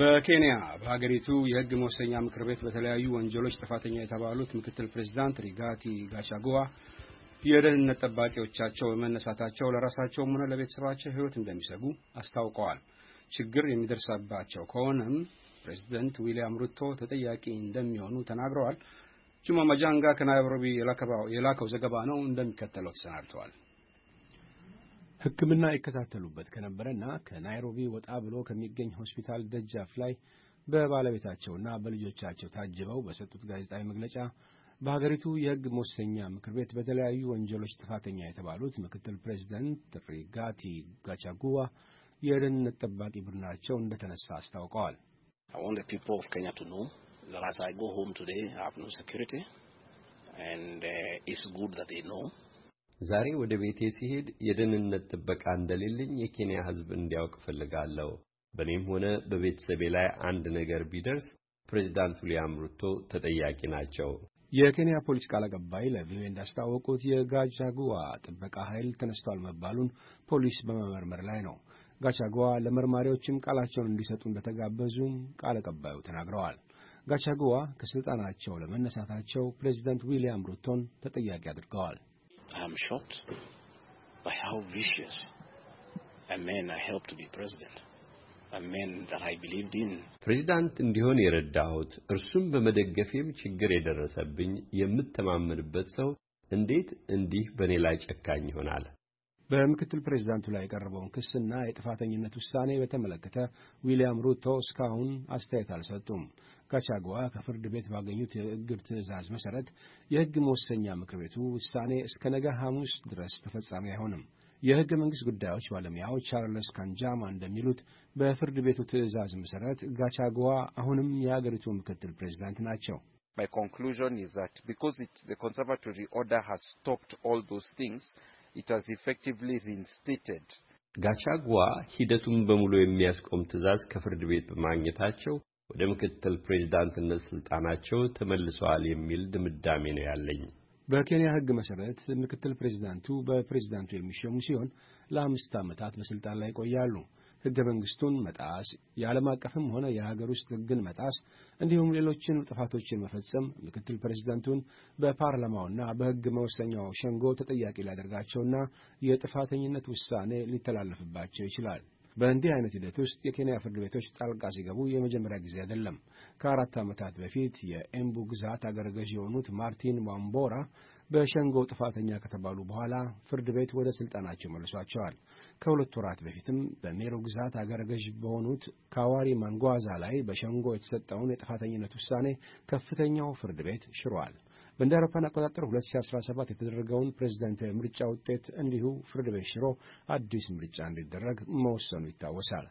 በኬንያ በሀገሪቱ የህግ መወሰኛ ምክር ቤት በተለያዩ ወንጀሎች ጥፋተኛ የተባሉት ምክትል ፕሬዚዳንት ሪጋቲ ጋሻጉዋ የደህንነት ጠባቂዎቻቸው በመነሳታቸው ለራሳቸውም ሆነ ለቤተሰባቸው ህይወት እንደሚሰጉ አስታውቀዋል። ችግር የሚደርሳባቸው ከሆነም ፕሬዚደንት ዊልያም ሩቶ ተጠያቂ እንደሚሆኑ ተናግረዋል። ጁማ መጃንጋ ከናይሮቢ የላከው ዘገባ ነው፣ እንደሚከተለው ተሰናድተዋል። ሕክምና ይከታተሉበት ከነበረና ከናይሮቢ ወጣ ብሎ ከሚገኝ ሆስፒታል ደጃፍ ላይ በባለቤታቸውና በልጆቻቸው ታጅበው በሰጡት ጋዜጣዊ መግለጫ በሀገሪቱ የሕግ መወሰኛ ምክር ቤት በተለያዩ ወንጀሎች ጥፋተኛ የተባሉት ምክትል ፕሬዚደንት ሪጋቲ ጋቻጉዋ የደህንነት ጠባቂ ቡድናቸው እንደተነሳ አስታውቀዋል። ዛሬ ወደ ቤቴ ሲሄድ የደህንነት ጥበቃ እንደሌለኝ የኬንያ ሕዝብ እንዲያውቅ እፈልጋለሁ። በእኔም ሆነ በቤተሰቤ ላይ አንድ ነገር ቢደርስ ፕሬዚዳንት ዊልያም ሩቶ ተጠያቂ ናቸው። የኬንያ ፖሊስ ቃል አቀባይ ለቪኦኤ እንዳስታወቁት የጋቻጉዋ ጥበቃ ኃይል ተነስቷል መባሉን ፖሊስ በመመርመር ላይ ነው። ጋቻጉዋ ለመርማሪዎችም ቃላቸውን እንዲሰጡ እንደተጋበዙም ቃል አቀባዩ ተናግረዋል። ጋቻጉዋ ከስልጣናቸው ለመነሳታቸው ፕሬዚዳንት ዊልያም ሩቶን ተጠያቂ አድርገዋል። I am shocked by how vicious a man I helped to be president. ፕሬዚዳንት እንዲሆን የረዳሁት እርሱም በመደገፌም ችግር የደረሰብኝ የምተማመንበት ሰው እንዴት እንዲህ በእኔ ላይ ጨካኝ ይሆናል? በምክትል ፕሬዚዳንቱ ላይ የቀረበውን ክስና የጥፋተኝነት ውሳኔ በተመለከተ ዊልያም ሩቶ እስካሁን አስተያየት አልሰጡም። ካቻጓዋ ከፍርድ ቤት ባገኙት የእግድ ትዕዛዝ መሠረት የሕግ መወሰኛ ምክር ቤቱ ውሳኔ እስከ ነገ ሐሙስ ድረስ ተፈጻሚ አይሆንም። የሕገ መንግሥት ጉዳዮች ባለሙያው ቻርለስ ካንጃማ እንደሚሉት በፍርድ ቤቱ ትዕዛዝ መሠረት ጋቻጓዋ አሁንም የአገሪቱ ምክትል ፕሬዚዳንት ናቸው። My conclusion is that because it, the conservatory order has stopped all those things, it was effectively reinstated። ጋቻጓ ሂደቱን በሙሉ የሚያስቆም ትዕዛዝ ከፍርድ ቤት በማግኘታቸው ወደ ምክትል ፕሬዚዳንትነት ስልጣናቸው ተመልሰዋል የሚል ድምዳሜ ነው ያለኝ። በኬንያ ሕግ መሰረት ምክትል ፕሬዝዳንቱ በፕሬዝዳንቱ የሚሸሙ ሲሆን ለአምስት ዓመታት በስልጣን ላይ ይቆያሉ። ህገ መንግስቱን መጣስ፣ የዓለም አቀፍም ሆነ የሀገር ውስጥ ህግን መጣስ እንዲሁም ሌሎችን ጥፋቶችን መፈጸም ምክትል ፕሬዚዳንቱን በፓርላማውና በህግ መወሰኛው ሸንጎ ተጠያቂ ሊያደርጋቸውና የጥፋተኝነት ውሳኔ ሊተላለፍባቸው ይችላል። በእንዲህ አይነት ሂደት ውስጥ የኬንያ ፍርድ ቤቶች ጣልቃ ሲገቡ የመጀመሪያ ጊዜ አይደለም። ከአራት ዓመታት በፊት የኤምቡ ግዛት አገረ ገዥ የሆኑት ማርቲን ዋምቦራ በሸንጎው ጥፋተኛ ከተባሉ በኋላ ፍርድ ቤት ወደ ስልጣናቸው መልሷቸዋል። ከሁለት ወራት በፊትም በሜሮ ግዛት አገረ ገዥ በሆኑት ካዋሪ ማንጓዛ ላይ በሸንጎ የተሰጠውን የጥፋተኝነት ውሳኔ ከፍተኛው ፍርድ ቤት ሽሯል። በእንደ አውሮፓን አቆጣጠር 2017 የተደረገውን ፕሬዝዳንታዊ ምርጫ ውጤት እንዲሁ ፍርድ ቤት ሽሮ አዲስ ምርጫ እንዲደረግ መወሰኑ ይታወሳል።